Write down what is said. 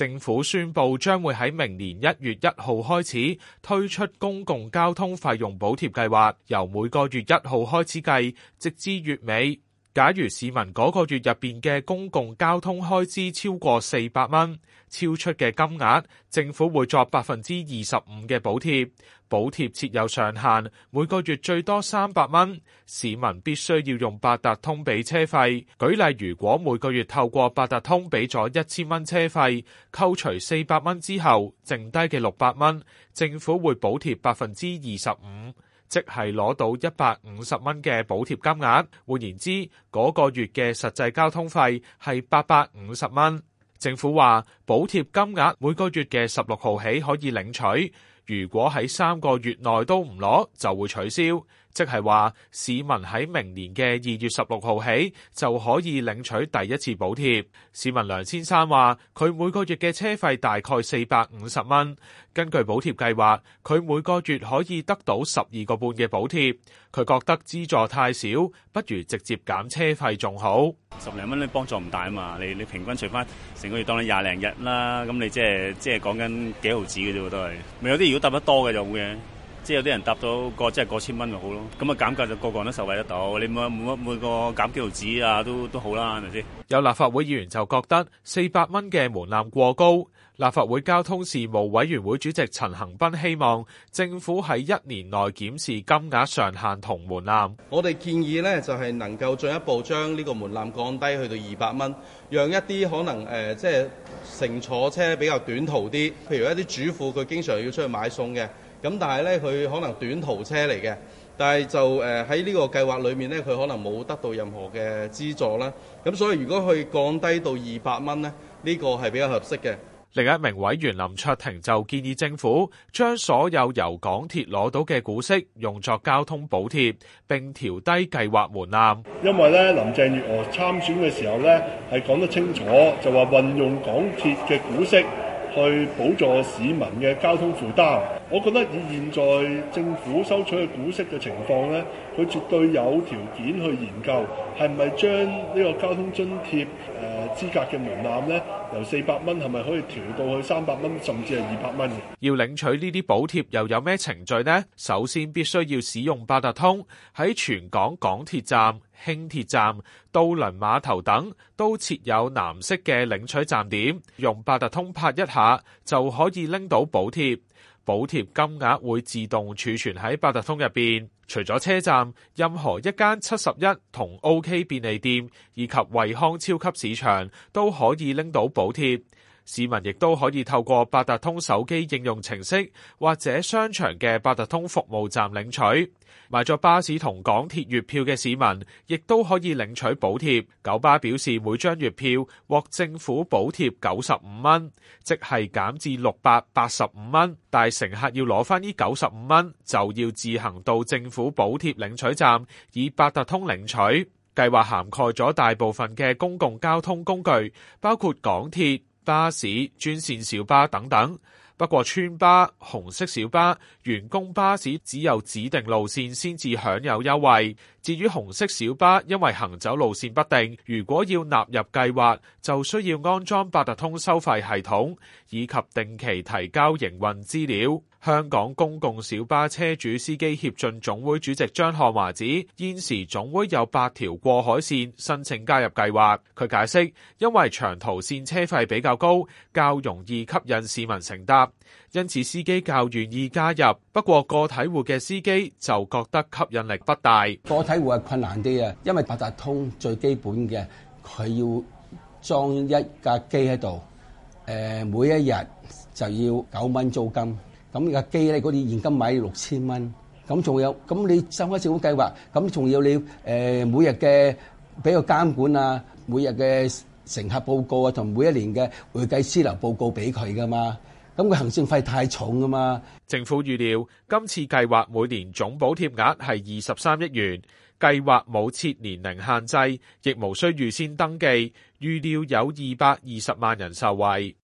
政府宣布將會喺明年一月一號開始推出公共交通費用補貼計劃，由每個月一號開始計，直至月尾。假如市民嗰個月入邊嘅公共交通開支超過四百蚊，超出嘅金額，政府會作百分之二十五嘅補貼，補貼設有上限，每個月最多三百蚊。市民必須要用八達通俾車費。舉例，如果每個月透過八達通俾咗一千蚊車費，扣除四百蚊之後，剩低嘅六百蚊，政府會補貼百分之二十五。即係攞到一百五十蚊嘅補貼金額，換言之，嗰、那個月嘅實際交通費係八百五十蚊。政府話。補貼金額每個月嘅十六號起可以領取，如果喺三個月內都唔攞就會取消，即係話市民喺明年嘅二月十六號起就可以領取第一次補貼。市民梁先生話，佢每個月嘅車費大概四百五十蚊，根據補貼計劃，佢每個月可以得到十二個半嘅補貼，佢覺得資助太少，不如直接減車費仲好。十零蚊你幫助唔大啊嘛，你你平均除翻成個月當你廿零日。啦，咁你即係即係講緊幾毫紙嘅啫喎，都係咪有啲如果搭得多嘅就會嘅。即有啲人搭到個即係個千蚊就好咯，咁啊減價就個個人都受惠得到。你冇每個減幾毫紙啊，都都好啦，係咪先？有立法會議員就覺得四百蚊嘅門檻過高。立法會交通事務委員會主席陳恒斌希望政府喺一年內檢視金額上限同門檻。我哋建議呢，就係能夠進一步將呢個門檻降低去到二百蚊，讓一啲可能誒即係乘坐車比較短途啲，譬如一啲主婦佢經常要出去買餸嘅。咁但係咧，佢可能短途車嚟嘅，但係就誒喺呢個計劃裏面咧，佢可能冇得到任何嘅資助啦。咁所以如果佢降低到二百蚊咧，呢個係比較合適嘅。另一名委員林卓廷就建議政府將所有由港鐵攞到嘅股息用作交通補貼，並調低計劃門檻。因為咧，林鄭月娥參選嘅時候咧，係講得清楚，就話運用港鐵嘅股息。去補助市民嘅交通負擔。我覺得以現在政府收取嘅股息嘅情況咧，佢絕對有條件去研究係咪將呢個交通津貼。誒、呃。資格嘅門檻呢，由四百蚊係咪可以調到去三百蚊，甚至係二百蚊？要領取呢啲補貼又有咩程序呢？首先必須要使用八達通，喺全港港鐵站、輕鐵站、渡輪碼頭等都設有藍色嘅領取站點，用八達通拍一下就可以拎到補貼。補貼金額會自動儲存喺八達通入邊，除咗車站，任何一間七十一同 OK 便利店，以及惠康超級市場都可以拎到補貼。市民亦都可以透過八達通手機應用程式或者商場嘅八達通服務站領取。買咗巴士同港鐵月票嘅市民，亦都可以領取補貼。九巴表示，每張月票獲政府補貼九十五蚊，即係減至六百八十五蚊。但乘客要攞返呢九十五蚊，就要自行到政府補貼領取站，以八達通領取。計劃涵蓋咗大部分嘅公共交通工具，包括港鐵、巴士專線小巴等等，不過邨巴、紅色小巴、員工巴士只有指定路線先至享有優惠。至於紅色小巴，因為行走路線不定，如果要納入計劃，就需要安裝八達通收費系統以及定期提交營運資料。香港公共小巴車主司機協進總會主席張漢華指，現時總會有八條過海線申請加入計劃。佢解釋，因為長途線車費比較高，較容易吸引市民乘搭，因此司機較願意加入。不過，個體戶嘅司機就覺得吸引力不大。個體戶係困難啲啊，因為八達通最基本嘅，佢要裝一架機喺度，誒、呃，每一日就要九蚊租金。咁而家機咧，嗰啲現金買六千蚊，咁仲有，咁你參加政府計劃，咁仲要你誒每日嘅俾個監管啊，每日嘅乘客報告啊，同每一年嘅會計師樓報告俾佢噶嘛，咁佢行政費太重啊嘛。政府預料今次計劃每年總補貼額係二十三億元，計劃冇設年齡限制，亦無需預先登記，預料有二百二十萬人受惠。